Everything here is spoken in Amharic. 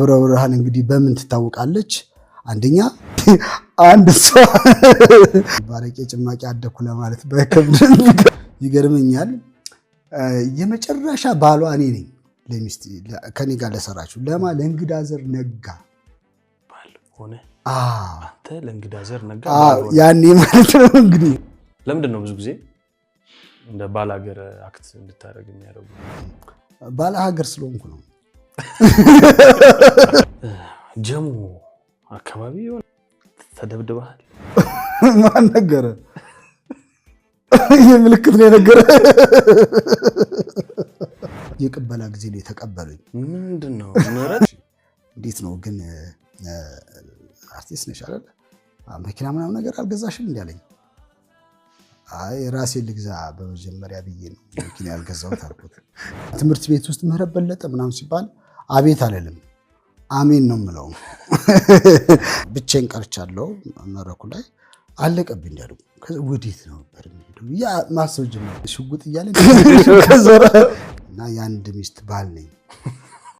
ደብረ ብርሃን እንግዲህ በምን ትታወቃለች? አንደኛ አንድ እሷ ባረቄ ጭማቂ አደኩ ለማለት በከብድን ይገርመኛል። የመጨረሻ ባሏ እኔ ነኝ። ለሚስት ከኔ ጋር ለሰራችሁ ለማ ለእንግዳ ዘር ነጋ ለእንግዳ ዘር ነጋ ያኔ ማለት ነው እንግዲህ ለምንድን ነው ብዙ ጊዜ እንደ ባል ሀገር አክት እንድታደርግ የሚያደርጉ ባል ሀገር ስለሆንኩ ነው ጀሙ አካባቢ ሆነ ተደብድበሃል። ማን ነገረ? ይህ ምልክት ነው የነገረ። የቅበላ ጊዜ ነው የተቀበሉኝ። ምንድን ነው እንዴት ነው ግን? አርቲስት ነሽ አይደል? መኪና ምናምን ነገር አልገዛሽም እንዲያለኝ አይ ራሴ ልግዛ በመጀመሪያ ብዬ ነው መኪና ያልገዛሁት አልኩት። ትምህርት ቤት ውስጥ ምህረት በለጠ ምናምን ሲባል አቤት አልልም፣ አሜን ነው የምለው። ብቼን ቀርቻለሁ መድረኩ ላይ አለቀብኝ እንዳሉ ወዴት ነበር ያ ማሰብ ጀመር። ሽጉጥ እያለ እና የአንድ ሚስት ባል ነኝ